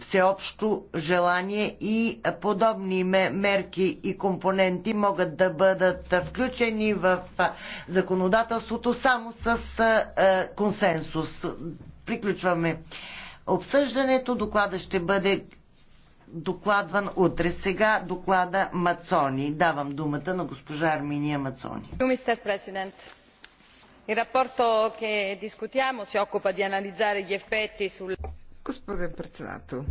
всеобщо желание и подобни мерки и компоненти могат да бъдат включени в законодателството само с консенсус. Приключваме обсъждането. Доклада ще бъде докладван утре. Сега доклада Мацони. Давам думата на госпожа Арминия Мацони. Мистер Президент, il rapporto che discutiamo si occupa di analizzare gli effetti sul... Господин председател,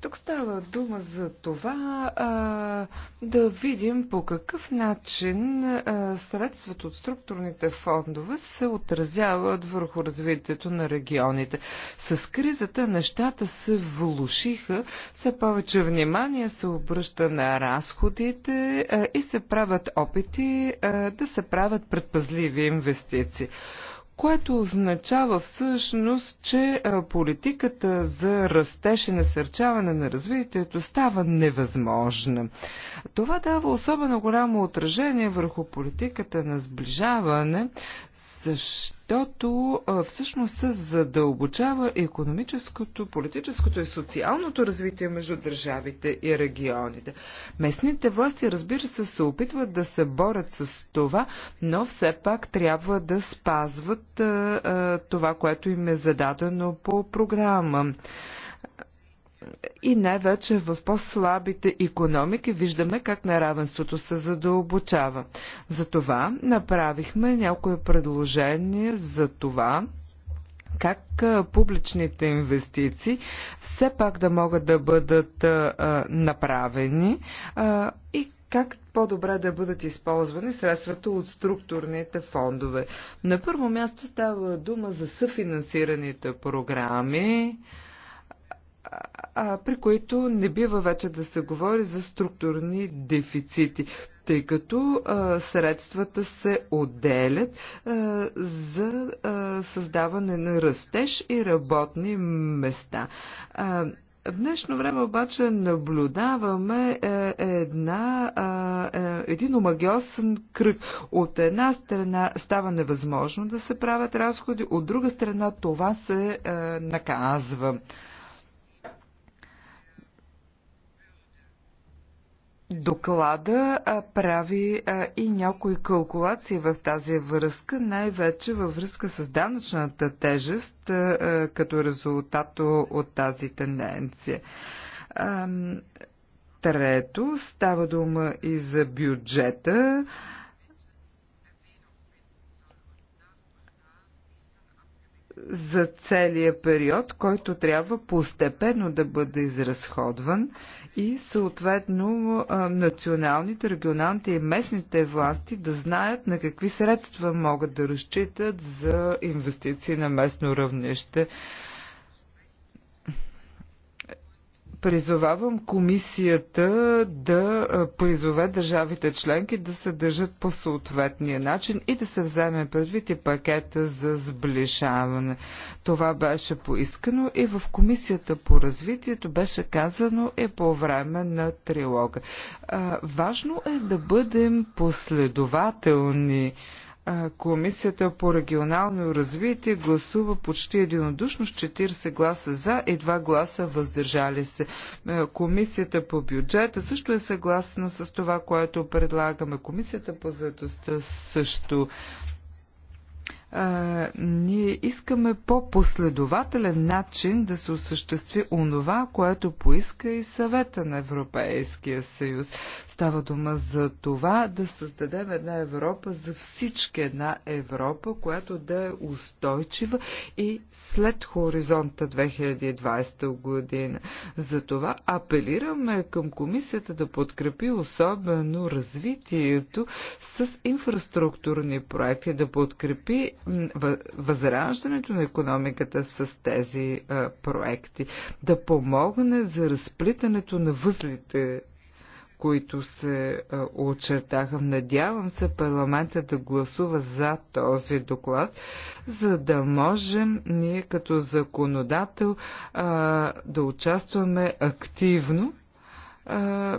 тук става дума за това а, да видим по какъв начин а, средствата от структурните фондове се отразяват върху развитието на регионите. С кризата нещата се влушиха, все повече внимание се обръща на разходите а, и се правят опити а, да се правят предпазливи инвестиции което означава всъщност, че политиката за растеж и насърчаване на развитието става невъзможна. Това дава особено голямо отражение върху политиката на сближаване, защото всъщност се задълбочава економическото, политическото и социалното развитие между държавите и регионите. Местните власти, разбира се, се опитват да се борят с това, но все пак трябва да спазват това, което им е зададено по програма и най-вече в по-слабите економики виждаме как неравенството се задълбочава. Затова направихме някои предложения за това, как публичните инвестиции все пак да могат да бъдат направени и как по-добре да бъдат използвани средствата от структурните фондове. На първо място става дума за съфинансираните програми а, при които не бива вече да се говори за структурни дефицити, тъй като а, средствата се отделят а, за а, създаване на растеж и работни места. А, в днешно време обаче наблюдаваме е, една, е, един омагиосен кръг. От една страна става невъзможно да се правят разходи, от друга страна това се е, наказва. Доклада а, прави а, и някои калкулации в тази връзка, най-вече във връзка с данъчната тежест а, а, като резултат от тази тенденция. А, трето, става дума и за бюджета. за целия период, който трябва постепенно да бъде изразходван и съответно националните, регионалните и местните власти да знаят на какви средства могат да разчитат за инвестиции на местно равнище. Призовавам комисията да призове държавите членки да се държат по съответния начин и да се вземе предвид и пакета за сближаване. Това беше поискано и в комисията по развитието беше казано и по време на трилога. Важно е да бъдем последователни Комисията по регионално развитие гласува почти единодушно с 40 гласа за и 2 гласа въздържали се. Комисията по бюджета също е съгласна с това, което предлагаме. Комисията по заедостта също. А, искаме по последователен начин да се осъществи онова, което поиска и съвета на Европейския съюз. Става дума за това да създадем една Европа за всички, една Европа, която да е устойчива и след хоризонта 2020 година. За това апелираме към комисията да подкрепи особено развитието с инфраструктурни проекти, да подкрепи възраждането изграждането на економиката с тези а, проекти, да помогне за разплитането на възлите които се очертаха. Надявам се парламента да гласува за този доклад, за да можем ние като законодател а, да участваме активно а,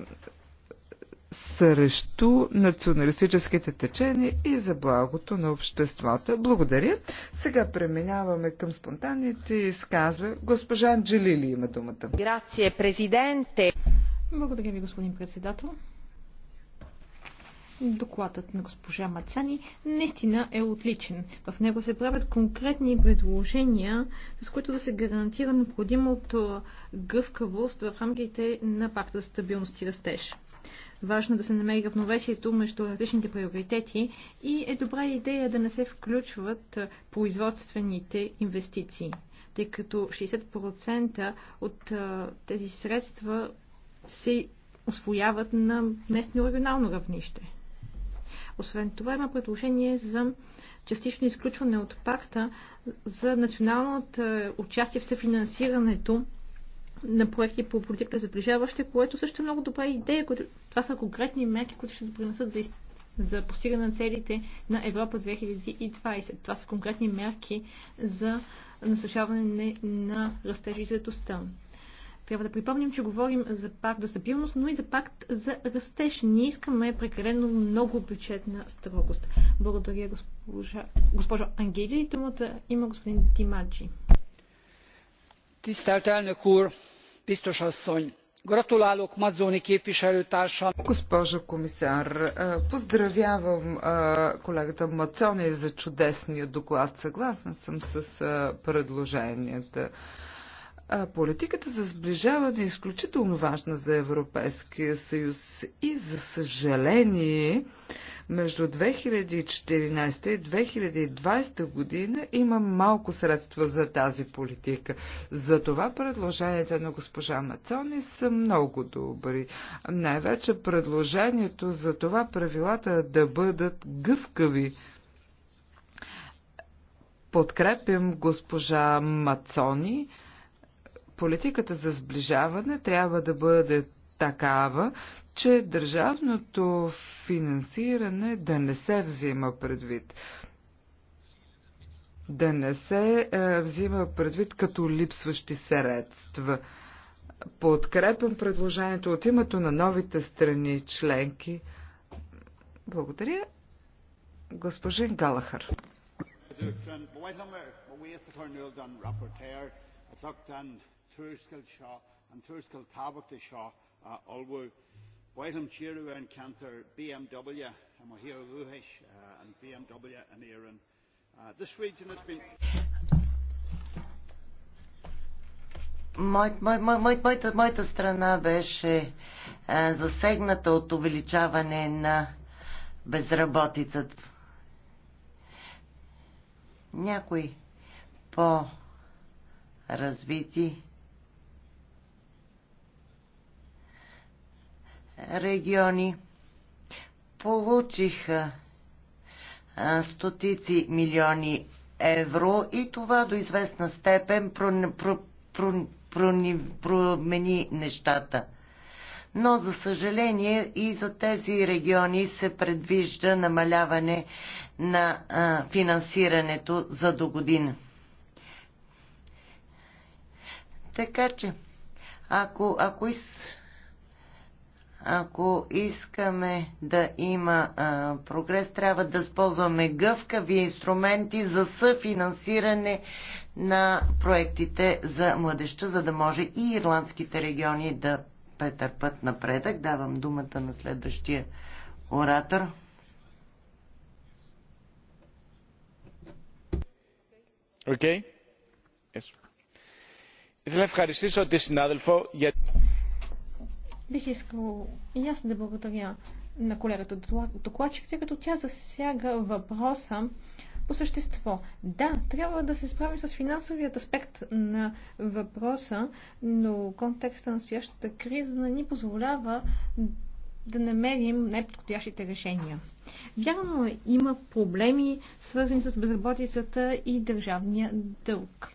срещу националистическите течения и за благото на обществата. Благодаря. Сега преминаваме към спонтанните изказва. Госпожа Анджелили има думата. Грация, президенте. Благодаря ви, господин председател. Докладът на госпожа Мацани наистина е отличен. В него се правят конкретни предложения, с които да се гарантира необходимото гъвкавост в рамките на пакта за стабилност и растеж. Важно да се намери равновесието между различните приоритети и е добра идея да не се включват производствените инвестиции, тъй като 60% от тези средства се освояват на местно и регионално равнище. Освен това има предложение за частично изключване от пакта за националното участие в съфинансирането на проекти по политиката за приближаваще, което също е много добра идея. Което, това са конкретни мерки, които ще допринесат за, за постигане на целите на Европа 2020. Това са конкретни мерки за насъщаване на растежа и заедостта. Трябва да припомним, че говорим за пакт за стабилност, но и за пакт за растеж. Не искаме прекалено много бюджетна строгост. Благодаря, госпожа, госпожа Ангели. Думата има господин Тимаджи tisztelt elnök úr! biztos asszony! gratulálok mazzoni képviselőtársamnak. госпожо комисар поздравявам колегата мацони за чудесния доклад. съгласна съм с предложенията. Политиката за сближаване е изключително важна за Европейския съюз и за съжаление между 2014 и 2020 година има малко средства за тази политика. Затова предложенията на госпожа Мацони са много добри. Най-вече предложението за това правилата да бъдат гъвкави подкрепям госпожа Мацони политиката за сближаване трябва да бъде такава, че държавното финансиране да не се взима предвид. Да не се е, взима предвид като липсващи средства. Подкрепям предложението от името на новите страни членки. Благодаря. Госпожин Галахър tuairiscail seo an tuairiscail tábhachta seo olbú. Bhaithlam tíú an cantar BMW a mo hiar luhais an BMW an Éireann. This region has been... Моята, моята страна беше а, засегната от увеличаване на безработицата. Някои по-развити региони получиха стотици милиони евро и това до известна степен промени нещата. Но, за съжаление, и за тези региони се предвижда намаляване на а, финансирането за до година. Така че, ако, ако из ако искаме да има а, прогрес, трябва да използваме гъвкави инструменти за съфинансиране на проектите за младеща, за да може и ирландските региони да претърпат напредък. Давам думата на следващия оратор. Okay. Yes. Ήθελα να ευχαριστήσω τη συνάδελφο για... Бих искал и аз да благодаря на колегата докладчик, тъй като тя засяга въпроса по същество. Да, трябва да се справим с финансовият аспект на въпроса, но контекста на стоящата криза не ни позволява да намерим най-подходящите решения. Вярно, има проблеми, свързани с безработицата и държавния дълг.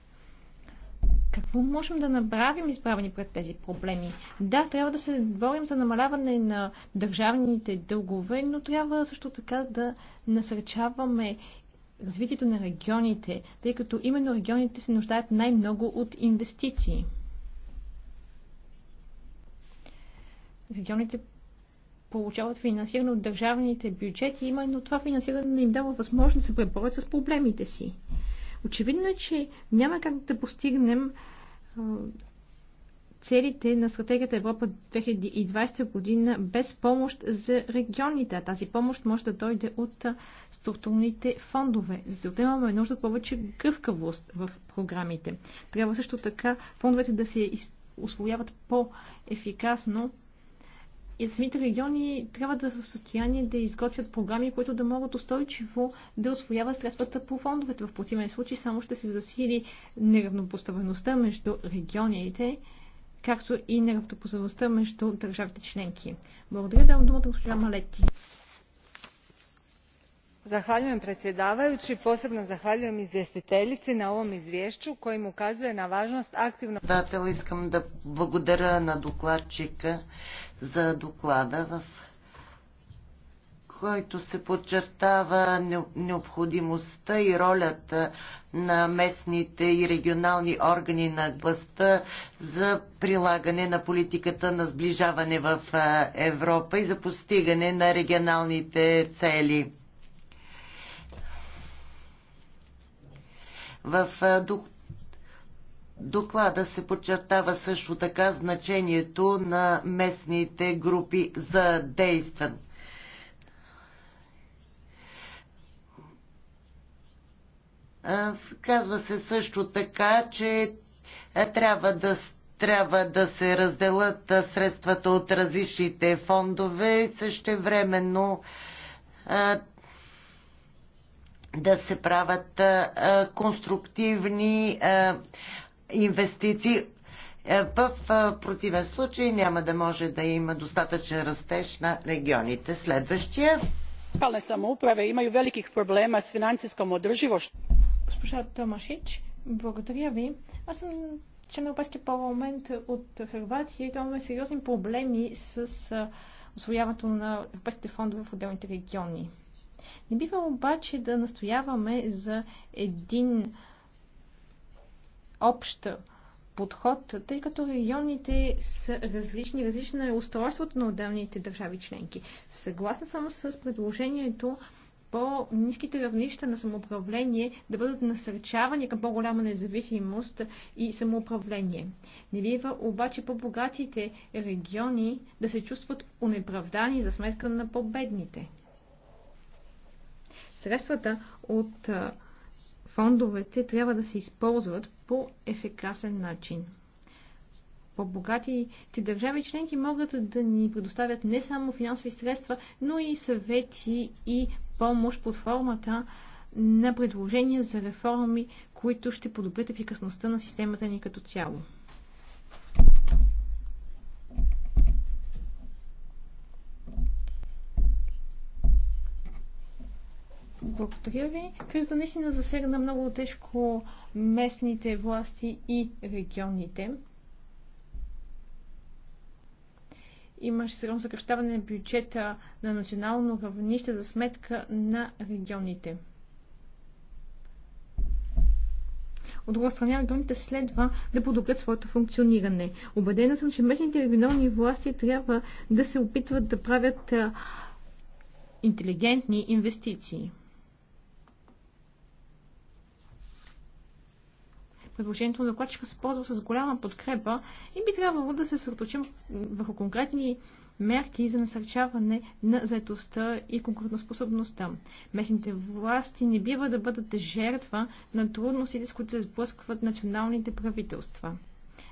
Какво можем да направим изправени пред тези проблеми? Да, трябва да се борим за намаляване на държавните дългове, но трябва също така да насърчаваме развитието на регионите, тъй като именно регионите се нуждаят най-много от инвестиции. Регионите получават финансиране от държавните бюджети, именно това финансиране им дава възможност да се преборят с проблемите си. Очевидно е, че няма как да постигнем целите на стратегията Европа 2020 година без помощ за регионите. А тази помощ може да дойде от структурните фондове. За да имаме нужда от повече гъвкавост в програмите. Трябва също така фондовете да се освояват по-ефикасно и самите региони трябва да са в състояние да изготвят програми, които да могат устойчиво да освояват средствата по фондовете. В противен случай само ще се засили неравнопоставеността между регионите, както и неравнопоставеността между държавите членки. Благодаря, давам думата госпожа Малети. Zahvaljujem predsjedavajući, posebno zahvaljujem izvjestiteljici na ovom izvješću kojim ukazuje na važnost aktivno... Datel, искам да благодаря на докладчика за доклада, в който се подчертава необходимостта и ролята на местните и регионални органи на властта за прилагане на политиката на сближаване в Европа и за постигане на регионалните цели. В доклада се подчертава също така значението на местните групи за действен. Казва се също така, че трябва да, трябва да се разделят средствата от различните фондове и също временно да се правят конструктивни инвестиции. Е, в е, противен случай няма да може да има достатъчен растеж на регионите. Следващия. Lokalne има и велики проблеми с финансиско održivošću. Госпожа Томашич, благодаря ви. Аз съм че на Европейския парламент от Хрватия и имаме сериозни проблеми с освояването е, на европейските фондове в отделните региони. Не бива обаче да настояваме за един общ подход, тъй като регионите са различни, различно е устройството на отделните държави членки. Съгласна съм с предложението по-низките равнища на самоуправление да бъдат насърчавани към по-голяма независимост и самоуправление. Не бива обаче по-богатите региони да се чувстват унеправдани за сметка на по-бедните. Средствата от фондовете трябва да се използват по ефикасен начин. По-богатите държави членки могат да ни предоставят не само финансови средства, но и съвети и помощ под формата на предложения за реформи, които ще подобрят ефикасността на системата ни като цяло. Благодаря ви. Кризата наистина засегна много тежко местните власти и регионите. Имаше сериозно съкръщаване на бюджета на национално равнище за сметка на регионите. От друга страна, регионите следва да подобрят своето функциониране. Обедена съм, че местните регионални власти трябва да се опитват да правят интелигентни инвестиции. предложението на докладчика се ползва с голяма подкрепа и би трябвало да се съсредоточим върху конкретни мерки за насърчаване на заетостта и конкурентоспособността. Местните власти не бива да бъдат жертва на трудностите, с които се сблъскват националните правителства.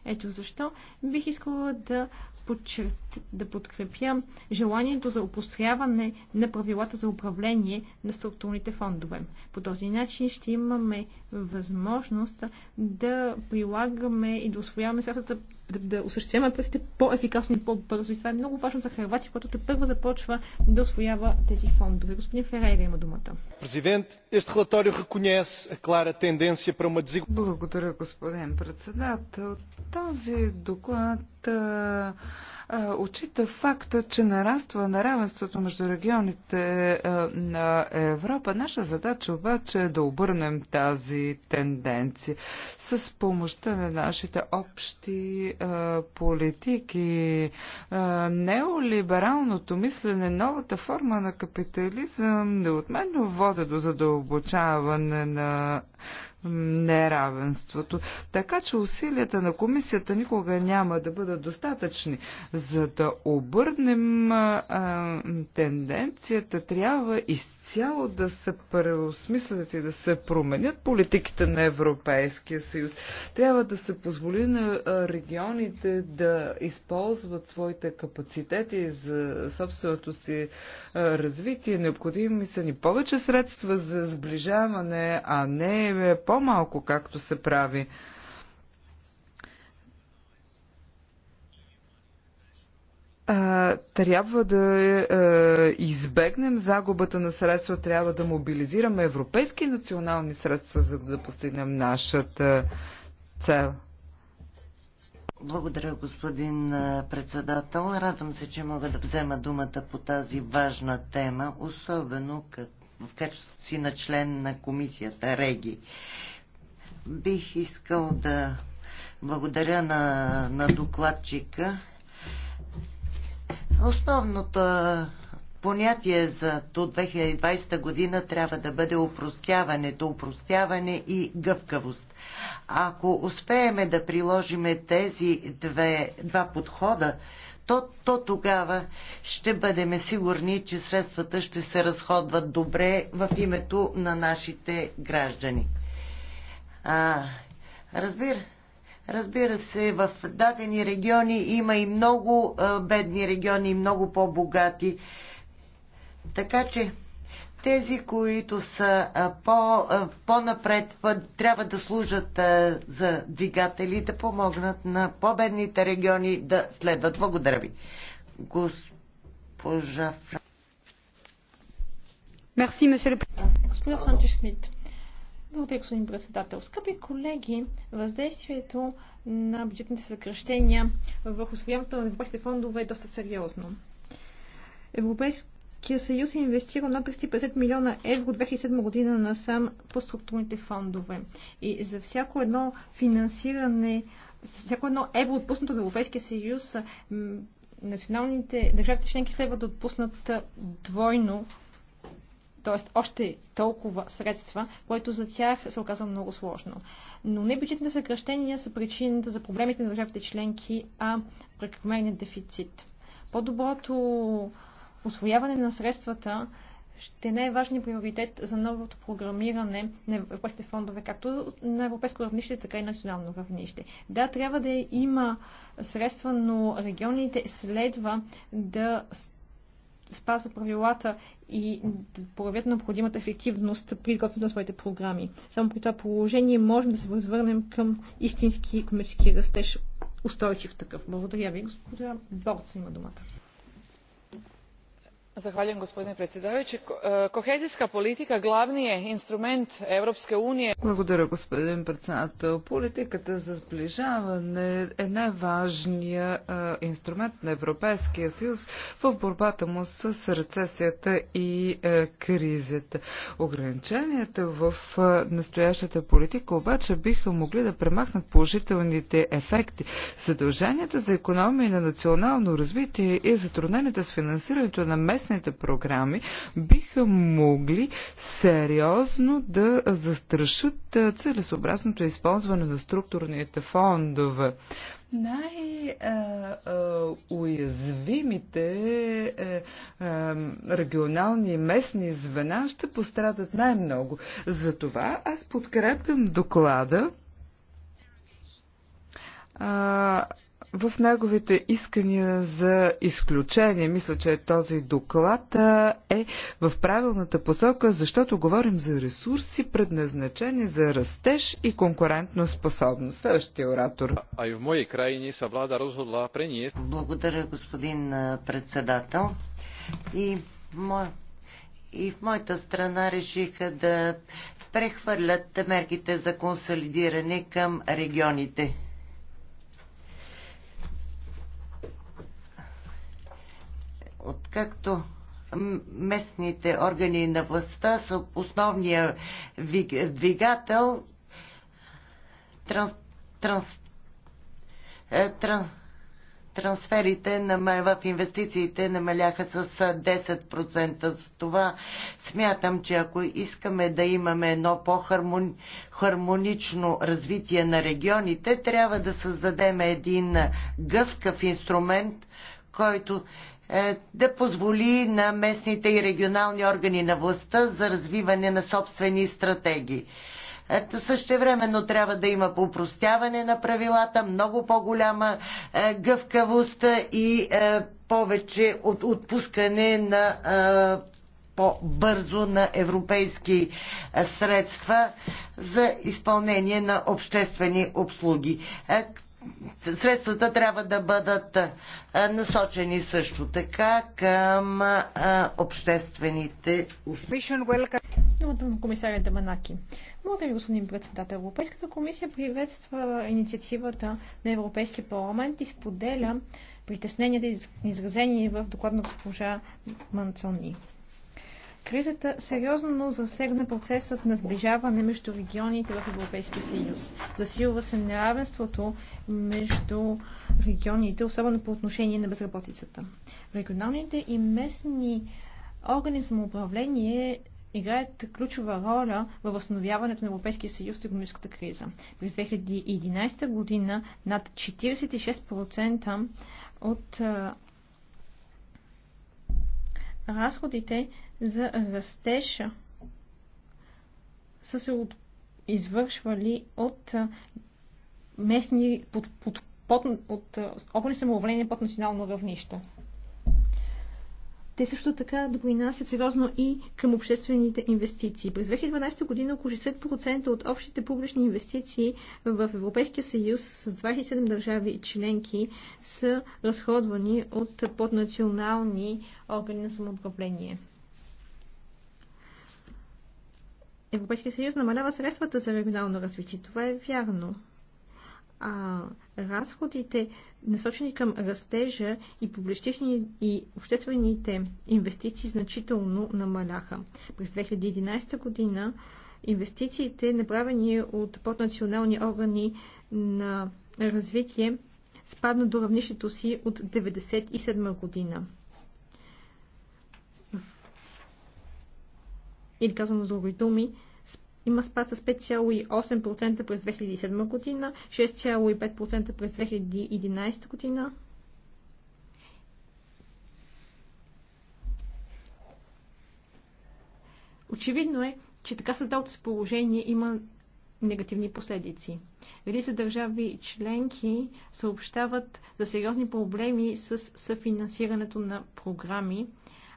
Ето защо бих искала да, подчерт, да подкрепя желанието за опостряване на правилата за управление на структурните фондове. По този начин ще имаме възможност да прилагаме и да освояваме средствата, да, да осъществяваме парите по-ефикасно и по-бързо. И това е много важно за Харватия, която те първо започва да освоява тези фондове. Господин Ферейра има думата. Президент, este relatório reconhece a clara tendência para uma Благодаря, господин председател. Този доклад а, а, отчита факта, че нараства неравенството между регионите а, на Европа. Наша задача обаче е да обърнем тази тенденция с помощта на нашите общи а, политики. А, неолибералното мислене, новата форма на капитализъм неотменно води до задълбочаване на неравенството. Така че усилията на комисията никога няма да бъдат достатъчни. За да обърнем а, тенденцията, трябва изцяло да се преосмислят и да се променят политиките на Европейския съюз. Трябва да се позволи на регионите да използват своите капацитети за собственото си развитие. Необходими са ни повече средства за сближаване, а не по-малко, както се прави. трябва да избегнем загубата на средства, трябва да мобилизираме европейски и национални средства, за да постигнем нашата цел. Благодаря, господин председател. Радвам се, че мога да взема думата по тази важна тема, особено като в качеството си на член на комисията Реги. Бих искал да благодаря на, на докладчика. Основното понятие за 2020 година трябва да бъде упростяването, упростяване и гъвкавост. Ако успееме да приложиме тези две, два подхода, то, то тогава ще бъдем сигурни, че средствата ще се разходват добре в името на нашите граждани. А, разбира, разбира се, в дадени региони има и много а, бедни региони, и много по-богати. Така че тези, които са по, по-напред, трябва да служат за двигатели, да помогнат на по-бедните региони да следват. Благодаря ви. Госпожа Франк. Мерси, Госпожа Санчеш Смит. Благодаря, господин председател. Скъпи колеги, въздействието на бюджетните съкръщения върху освояването на европейските фондове е доста сериозно. Европейски Европейския съюз е инвестирал над 350 милиона евро 2007 година насам по структурните фондове. И за всяко едно финансиране, за всяко едно евро отпуснато от Европейския съюз, националните държавите членки следва да отпуснат двойно т.е. още толкова средства, което за тях се оказва много сложно. Но не бюджетните съкръщения са причината за проблемите на държавите членки, а прекомерният дефицит. По-доброто освояване на средствата ще е най-важният приоритет за новото програмиране на европейските фондове, както на европейско равнище, така и национално равнище. Да, трябва да има средства, но регионите следва да спазват правилата и да проявят необходимата ефективност при изготвянето на своите програми. Само при това положение можем да се възвърнем към истински економически растеж, устойчив такъв. Благодаря ви, господа Борца има думата gospodine predsjedavajui e, kohezijska politika glavni je инструмент europske unije. благодаря господин председател. политиката за сближаване е най важният е, инструмент на европейския съюз в борбата му с рецесията и е, кризата. ограниченията в е, настоящата политика обаче биха могли да премахнат положителните ефекти. задълженията за економия на национално развитие и затрудненията с финансирането на местните местните програми биха могли сериозно да застрашат целесообразното използване на структурните фондове. Най-уязвимите е, е, регионални и местни звена ще пострадат най-много. Затова аз подкрепям доклада в неговите искания за изключение, мисля, че този доклад е в правилната посока, защото говорим за ресурси, предназначени за растеж и конкурентно способност. Следващия оратор. А и в моей крайни са влада разходла пренест. Благодаря, господин председател. И, моя, и в моята страна решиха да прехвърлят мерките за консолидиране към регионите Откакто местните органи на властта са основния двигател, транс, транс, е, транс, трансферите в инвестициите намаляха с 10%. За това смятам, че ако искаме да имаме едно по-хармонично развитие на регионите, трябва да създадем един гъвкав инструмент, който е, да позволи на местните и регионални органи на властта за развиване на собствени стратегии. Ето същевременно трябва да има попростяване на правилата, много по-голяма е, гъвкавост и е, повече от отпускане на по-бързо на европейски средства за изпълнение на обществени обслуги средствата трябва да бъдат насочени също така към обществените услуги. Думата на комисаря Благодаря, господин председател. Европейската комисия приветства инициативата на Европейския парламент и споделя притесненията изразени в доклад на госпожа Манцони. Кризата сериозно засегна процесът на сближаване между регионите в Европейския съюз. Засилва се неравенството между регионите, особено по отношение на безработицата. Регионалните и местни органи самоуправление играят ключова роля в възстановяването на Европейския съюз от економическата криза. През 2011 година над 46% от разходите за растеж са се от... извършвали от местни под, под, под, от от, от, под национално равнище. Те също така допринасят сериозно и към обществените инвестиции. През 2012 година около 60% от общите публични инвестиции в Европейския съюз с 27 държави и членки са разходвани от поднационални органи на самоуправление. Европейския съюз намалява средствата за регионално развитие. Това е вярно а разходите, насочени към растежа и, публични, и обществените инвестиции, значително намаляха. През 2011 година инвестициите, направени от поднационални органи на развитие, спадна до равнището си от 1997 година. Или казано с други думи, има спад с 5,8% през 2007 година, 6,5% през 2011 година. Очевидно е, че така създалото се положение има негативни последици. се държави членки съобщават за сериозни проблеми с съфинансирането на програми,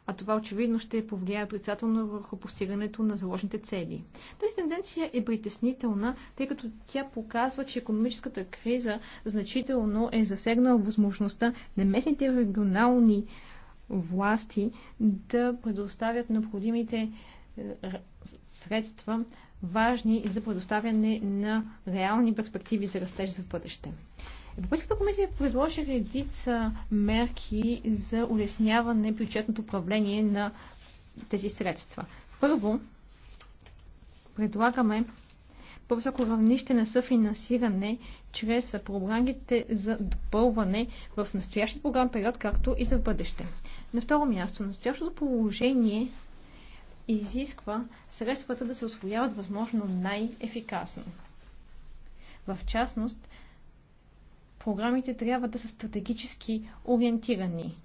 а това очевидно ще повлияе отрицателно върху постигането на заложните цели. Тази тенденция е притеснителна, тъй като тя показва, че економическата криза значително е засегнала възможността на местните регионални власти да предоставят необходимите е, средства, важни за предоставяне на реални перспективи за растеж за бъдеще. Европейската комисия предложи редица мерки за улесняване бюджетното управление на тези средства. Първо, предлагаме по-високо равнище на съфинансиране чрез програмите за допълване в настоящия програм период, както и за бъдеще. На второ място, настоящото положение изисква средствата да се освояват възможно най-ефикасно. В частност, програмите трябва да са стратегически ориентирани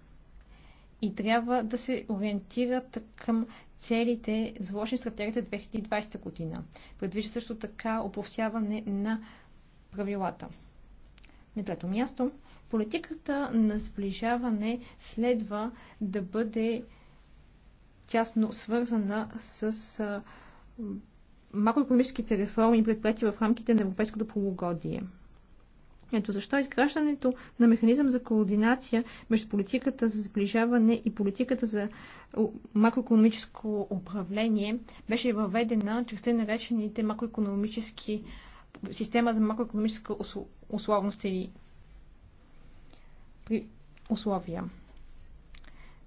и трябва да се ориентират към целите, заложени в стратегията 2020 година. Предвижда също така оповсяване на правилата. На трето място, политиката на сближаване следва да бъде тясно свързана с макроекономическите реформи, предприяти в рамките на европейското полугодие. Ето защо изграждането на механизъм за координация между политиката за сближаване и политиката за макроекономическо управление беше въведена чрез те наречените макроекономически система за макроекономическа условност или при условия.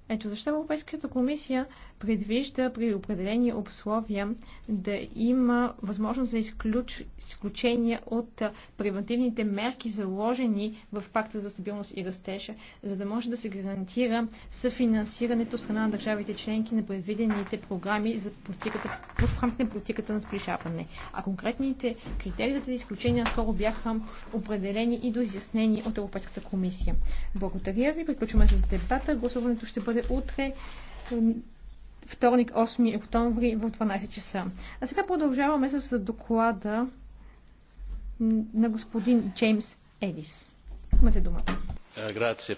Ето защо Европейската комисия предвижда при определени условия да има възможност за изключ, изключение от превентивните мерки, заложени в Пакта за стабилност и растежа, за да може да се гарантира съфинансирането страна на държавите членки на предвидените програми за политиката, в рамките на политиката на сближаване. А конкретните критерии за тези изключения скоро бяха определени и доизяснени от Европейската комисия. Благодаря ви. Приключваме с дебата. Гласуването ще бъде утре вторник 8 октомври в 12 часа. А сега продължаваме с доклада на господин Джеймс Едис. Имате думата. Е,